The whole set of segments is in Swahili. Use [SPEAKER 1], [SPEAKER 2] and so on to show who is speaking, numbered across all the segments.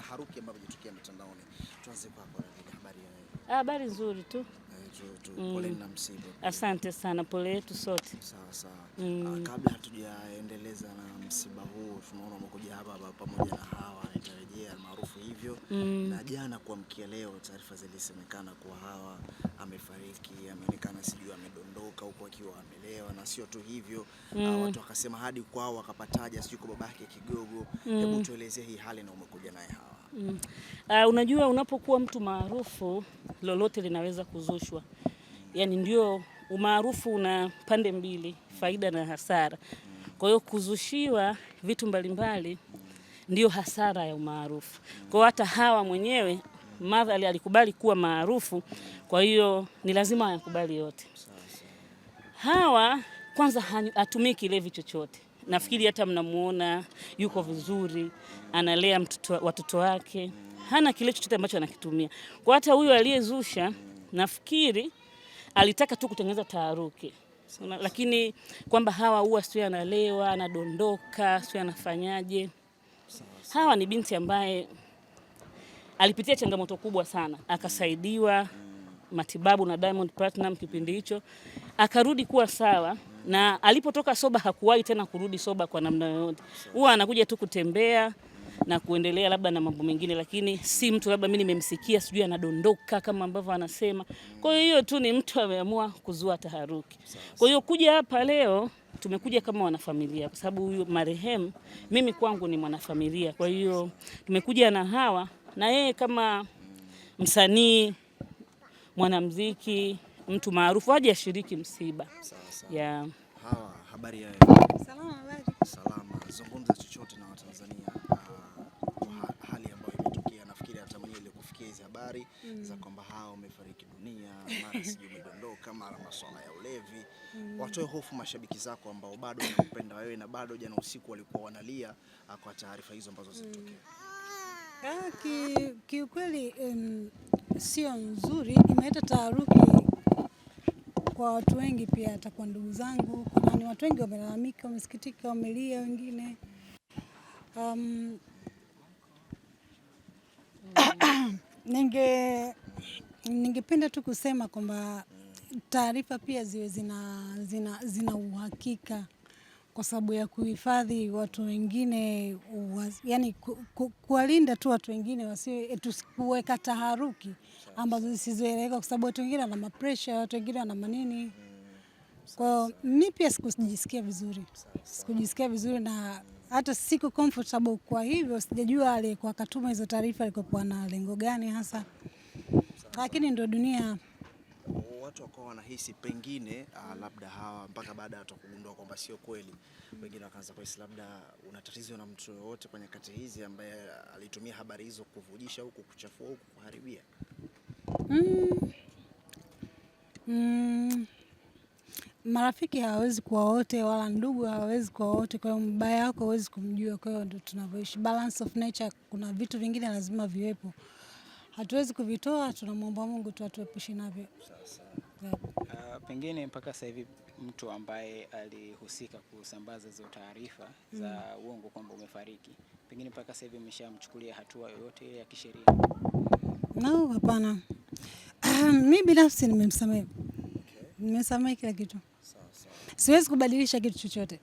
[SPEAKER 1] taharuki ambayo imetokea mitandaoni. Tuanze kwako, habari ya
[SPEAKER 2] ah, habari nzuri tu eh,
[SPEAKER 1] mm. pole na msiba.
[SPEAKER 2] Asante sana, pole yetu sote.
[SPEAKER 1] Sawa sawa. Mm. Ah, kabla hatujaendeleza na msiba huu tunaona umekuja hapa pamoja na Hawa anatarajia almaarufu hivyo mm. Na jana kuamkia leo taarifa zilisemekana kuwa Hawa amefariki, ameonekana sijui amedondoka huko akiwa amelewa, na sio tu hivyo mm. Ah, watu wakasema hadi kwao wakapataja sijui kwa babake kigogo. Mm. Hebu mm. tuelezee hii hali na umekuja naye Hawa. Mm.
[SPEAKER 2] Uh, unajua unapokuwa mtu maarufu lolote linaweza kuzushwa, yaani ndio umaarufu una pande mbili, faida na hasara. Kwa hiyo kuzushiwa vitu mbalimbali ndio hasara ya umaarufu. Kwa hiyo hata Hawa mwenyewe madhali alikubali kuwa maarufu, kwa hiyo ni lazima ayakubali yote. Hawa kwanza hatumii kilevi chochote. Nafikiri hata mnamuona yuko vizuri, analea watoto wake, hana kile chochote ambacho anakitumia. Kwa hata huyo aliyezusha, nafikiri alitaka tu kutengeneza taharuki so, na, lakini kwamba hawa huwa sio analewa anadondoka sio anafanyaje. Hawa ni binti ambaye alipitia changamoto kubwa sana, akasaidiwa matibabu na Diamond Platinum kipindi hicho, akarudi kuwa sawa na alipotoka soba hakuwahi tena kurudi soba kwa namna yoyote, huwa anakuja tu kutembea na kuendelea labda na mambo mengine, lakini si mtu labda mimi nimemsikia sijui anadondoka kama ambavyo anasema. Kwa hiyo hiyo tu ni mtu ameamua kuzua taharuki. Kwa hiyo kuja hapa leo tumekuja kama wanafamilia, kwa sababu huyu marehemu mimi kwangu ni mwanafamilia. Kwa hiyo tumekuja na Hawa na yeye kama msanii, mwanamuziki, mtu maarufu aje ashiriki msiba
[SPEAKER 1] ya Hawa. Habari ya salama, habari salama, zungumza chochote na Watanzania. habari mm. za kwamba hao wamefariki dunia, mara sijui umedondoka, mara masuala ya ulevi mm. watoe hofu mashabiki zako ambao bado wanakupenda wewe na bado jana usiku walikuwa wanalia ah, kwa taarifa hizo ambazo mm. zilitokea. Mm.
[SPEAKER 2] Kiukweli ki um, sio nzuri, imeleta taharuki kwa watu wengi, pia hata kwa ndugu zangu, ni watu wengi wamelalamika, wamesikitika, wamelia wengine um, Ninge ningependa tu kusema kwamba taarifa pia ziwe zina, zina, zina uhakika kwa sababu ya kuhifadhi watu wengine yani ku, ku, kuwalinda tu watu wengine wasiwe tusikuweka taharuki ambazo zisizoeleweka kwa sababu watu wengine wana mapresha, watu wengine wana manini. Kwa hiyo mi pia sikujisikia vizuri, sikujisikia vizuri na hata siko comfortable. Kwa hivyo sijajua alikuwa katuma hizo taarifa alikokuwa na lengo gani hasa, lakini ndio dunia
[SPEAKER 1] watu wakawa wanahisi pengine uh, labda hawa mpaka baada ya kugundua kwamba sio kweli, wengine wakaanza kuhisi labda una tatizo na mtu yoyote kwa nyakati hizi ambaye alitumia habari hizo kuvujisha huku, kuchafua huku, kuharibia mm.
[SPEAKER 2] Mm marafiki hawawezi kuwa wote wala ndugu hawawezi kuwa wote. Kwa hiyo mbaya wako hawezi kumjua. Kwa hiyo ndo tunavyoishi balance of nature. Kuna vitu vingine lazima viwepo, hatuwezi kuvitoa. Tunamwomba Mungu tu atuepushe navyo.
[SPEAKER 1] Yeah. Uh, pengine mpaka sasa hivi mtu ambaye alihusika kusambaza hizo taarifa mm, za uongo kwamba umefariki, pengine mpaka sasa hivi umeshamchukulia hatua yoyote ile ya kisheria?
[SPEAKER 2] No, hapana. Uh, mi binafsi nimemsamehe, okay. Nimesamehe kila kitu siwezi kubadilisha kitu chochote.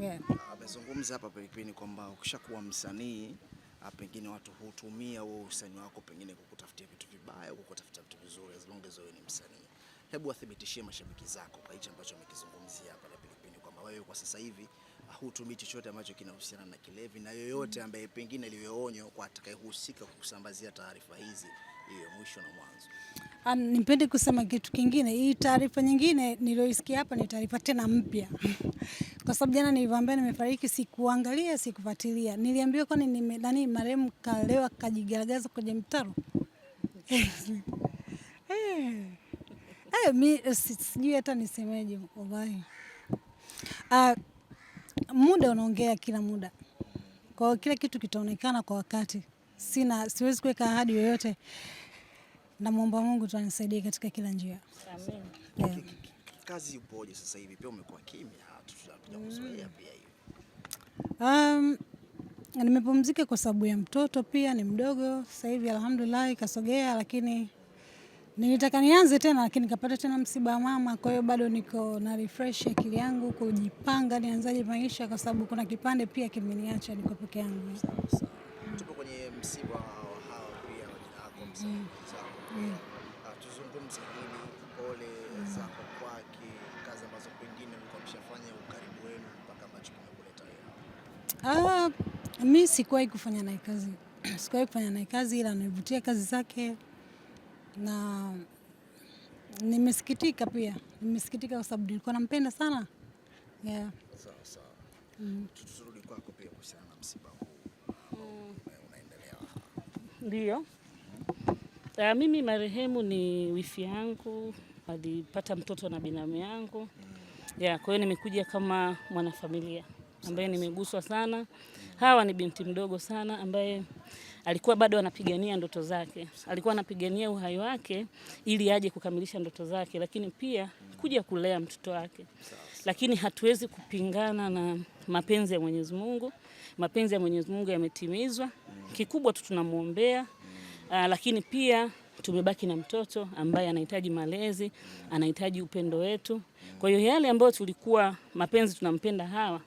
[SPEAKER 1] Yeah. Ah, amezungumza hapa Pilipili kwamba ukishakuwa msanii ah, pengine watu hutumia huo usanii wako pengine kukutafutia vitu vibaya, kukutafutia vitu vizuri, as long as wewe ni msanii. Hebu wathibitishie mashabiki zako kwa hicho ambacho amekizungumzia hapa na Pilipili kwamba wewe kwa sasa hivi ah, hutumii chochote ambacho kinahusiana na kilevi, na yoyote mm. ambaye pengine aliyoonywa kwa atakayehusika kukusambazia taarifa hizi, iwe mwisho na mwanzo
[SPEAKER 2] nipende kusema kitu kingine. Hii taarifa nyingine niliyoisikia hapa ni taarifa tena mpya kwa sababu jana nilivyoambia nimefariki, sikuangalia, sikufuatilia. Niliambiwa kwani nime nani marehemu kalewa kajigaragaza kwenye mtaro eh. Eh, mi sijui hata nisemeje wallahi. Uh, muda unaongea kila muda, kwa kila kitu kitaonekana kwa wakati. Sina, siwezi kuweka ahadi yoyote. Namwomba Mungu tu anisaidie katika kila njia. Amen.
[SPEAKER 1] Yeah. Kazi upoje sasa hivi? Pia umekuwa kimya, tutakuja mm. kuzoea pia hiyo.
[SPEAKER 2] Um, nimepumzika kwa sababu ya mtoto pia ni mdogo sasa hivi, alhamdulillah ikasogea, lakini nilitaka nianze tena, lakini kapata tena msiba wa mama. Kwa hiyo bado niko na refresh akili yangu kujipanga nianzaje maisha, kwa sababu kuna kipande pia kimeniacha, niko peke yangu.
[SPEAKER 1] Tupo kwenye msiba wa hao pia wajina wako mzee mm. Ah, mm. Tuzungumze hili, pole zako kwake, kazi ambazo pengine mlikuwa mshafanya ukaribu wenu mpaka ambacho kimekuleta
[SPEAKER 2] wewe. Ah, mimi sikuwahi kufanya naye kazi, sikuwahi kufanya naye kazi, ila anaivutia kazi zake na nimesikitika pia, nimesikitika kwa sababu nilikuwa nampenda sana
[SPEAKER 1] yeah. Sawa sawa. Mm. Tuturudi kwako pia kuhusiana na msiba huu. Mm. Unaendelea.
[SPEAKER 2] Ndio. Uh, mimi marehemu ni wifi yangu, alipata mtoto na binamu yangu ya, kwa hiyo nimekuja kama mwanafamilia ambaye nimeguswa sana. Hawa ni binti mdogo sana ambaye alikuwa bado anapigania ndoto zake, alikuwa anapigania uhai wake ili aje kukamilisha ndoto zake, lakini pia kuja kulea mtoto wake. Lakini hatuwezi kupingana na mapenzi ya Mwenyezi Mungu. Mapenzi ya Mwenyezi Mungu yametimizwa. Kikubwa tu tunamwombea Aa, ah, lakini pia tumebaki na mtoto ambaye anahitaji malezi, anahitaji upendo wetu. Kwa hiyo yale ambayo tulikuwa mapenzi tunampenda Hawa,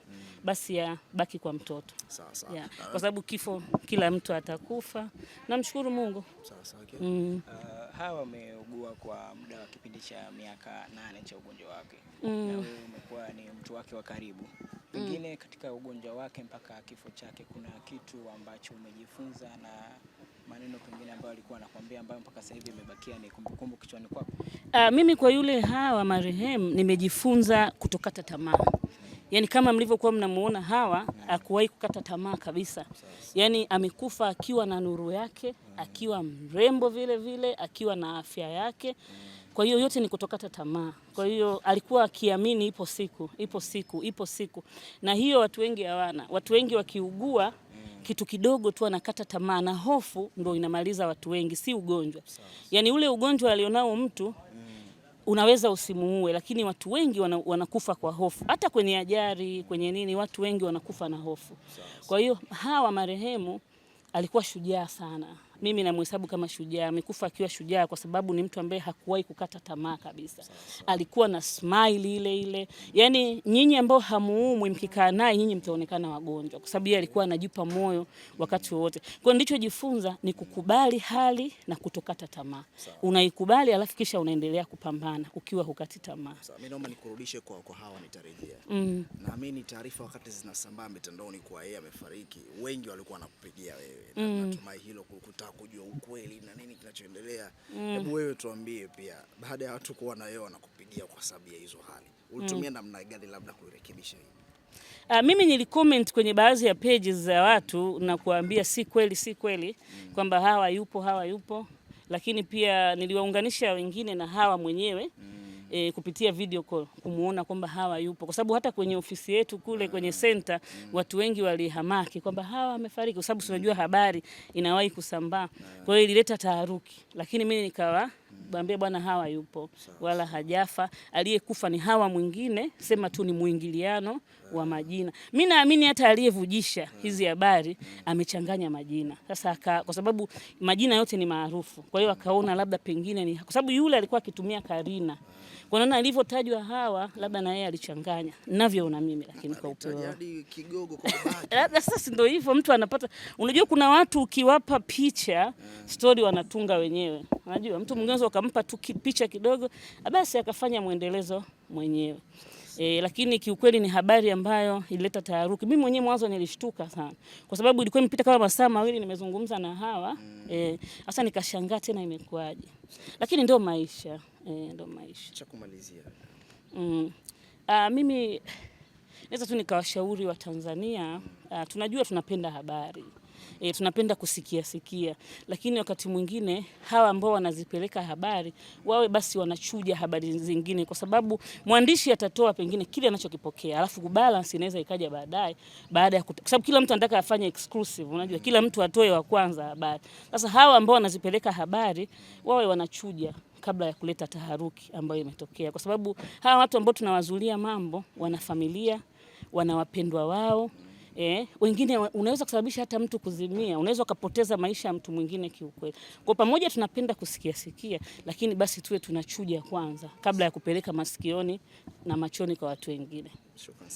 [SPEAKER 2] basi yabaki kwa mtoto
[SPEAKER 1] sawa. yeah.
[SPEAKER 2] Kwa sababu kifo, kila mtu atakufa. Namshukuru Mungu
[SPEAKER 1] sawa. okay. mm. Uh, Hawa wameugua kwa muda wa kipindi cha miaka nane cha ugonjwa wake mm. Na wewe umekuwa ni mtu wake wa karibu mm. pengine mm. Katika ugonjwa wake mpaka kifo chake kuna kitu ambacho umejifunza na maneno pengine ambayo alikuwa anakuambia ambayo mpaka sasa hivi imebakia ni kumbukumbu kichwani kwako?
[SPEAKER 2] Uh, mimi kwa yule Hawa marehemu nimejifunza kutokata tamaa. Yaani kama mlivyokuwa mnamuona Hawa hakuwahi kukata tamaa kabisa. Yaani amekufa akiwa na nuru yake, akiwa mrembo vile vile, akiwa na afya yake. Kwa hiyo yote ni kutokata tamaa. Kwa hiyo alikuwa akiamini ipo siku, ipo siku, ipo siku. Na hiyo watu wengi hawana. Watu wengi wakiugua kitu kidogo tu anakata tamaa, na hofu ndio inamaliza watu wengi, si ugonjwa. Yani ule ugonjwa alionao mtu mm. unaweza usimuue, lakini watu wengi wanakufa kwa hofu. Hata kwenye ajali, kwenye nini, watu wengi wanakufa na hofu. Kwa hiyo hawa marehemu alikuwa shujaa sana mimi namhesabu kama shujaa. Amekufa akiwa shujaa, kwa sababu ni mtu ambaye hakuwahi kukata tamaa kabisa. Alikuwa na smile ile ile. Yani nyinyi ambao hamuumwi, mkikaa naye nyinyi mtaonekana wagonjwa, kwa sababu yeye alikuwa anajipa moyo wakati wote. Kwa nilichojifunza ni kukubali hali na kutokata tamaa. Unaikubali alafu kisha unaendelea kupambana ukiwa hukati tamaa. Sasa
[SPEAKER 1] Mimi naomba nikurudishe kwa kwa hawa, nitarejea mm. Naamini taarifa wakati zinasambaa mitandaoni kwa yeye amefariki, wengi walikuwa wanakupigia wewe na mm. natumai hilo kukuta kutaka kujua ukweli na nini kinachoendelea. Mm. Hebu mm. wewe tuambie pia, baada ya watu kuona na wewe wanakupigia kwa sababu ya hizo hali, ulitumia mm. namna gani labda kuirekebisha hii?
[SPEAKER 2] Uh, mimi nilikoment kwenye baadhi ya pages za watu na kuambia si kweli, si kweli mm. kwamba hawa yupo, hawa yupo, lakini pia niliwaunganisha wengine na hawa mwenyewe mm e, kupitia video call kumuona kwamba Hawa yupo, kwa sababu hata kwenye ofisi yetu kule kwenye senta watu wengi walihamaki kwamba Hawa amefariki, kwa sababu tunajua habari inawahi kusambaa. Kwa hiyo ilileta taharuki, lakini mimi nikawa bambia bwana Hawa yupo wala hajafa, aliyekufa ni Hawa mwingine, sema tu ni mwingiliano wa majina. Mi naamini hata aliyevujisha hizi habari amechanganya majina. Sasa aka, kwa sababu majina yote ni maarufu, kwa hiyo akaona labda pengine ni kwa sababu yule alikuwa akitumia Karina kwa naona alivyotajwa Hawa, labda na yeye alichanganya navyoona mimi, lakini kwa upeo labda sasa ndio hivyo, mtu anapata. Unajua kuna watu ukiwapa picha eh. story wanatunga wenyewe, unajua mtu mwingine ukampa tu picha kidogo, basi akafanya mwendelezo mwenyewe. E, lakini kiukweli ni habari ambayo ilileta taharuki. Mimi mwenyewe mwanzo nilishtuka sana kwa sababu ilikuwa imepita kama masaa mawili nimezungumza na hawa mm. e, hasa, e, nikashangaa tena imekuwaje, lakini ndio maisha e, ndio maisha. Cha
[SPEAKER 1] kumalizia mm.
[SPEAKER 2] A, mimi naweza tu nikawashauri wa Tanzania, tunajua tunapenda habari e, tunapenda kusikia sikia, lakini wakati mwingine hawa ambao wanazipeleka habari wawe basi wanachuja habari zingine, kwa sababu mwandishi atatoa pengine kile anachokipokea, alafu kubalance inaweza ikaja baadaye, baada ya kwa sababu kila mtu anataka afanye exclusive, unajua kila mtu atoe wa kwanza habari. Sasa hawa ambao wanazipeleka habari wawe wanachuja kabla ya kuleta taharuki ambayo imetokea, kwa sababu hawa watu ambao tunawazulia mambo wana familia, wana wapendwa wao eh, wengine unaweza kusababisha hata mtu kuzimia, unaweza ukapoteza maisha ya mtu mwingine kiukweli. Kwa pamoja tunapenda kusikia sikia, lakini basi tuwe tunachuja kwanza kabla ya kupeleka masikioni na machoni kwa watu wengine. Shukrani.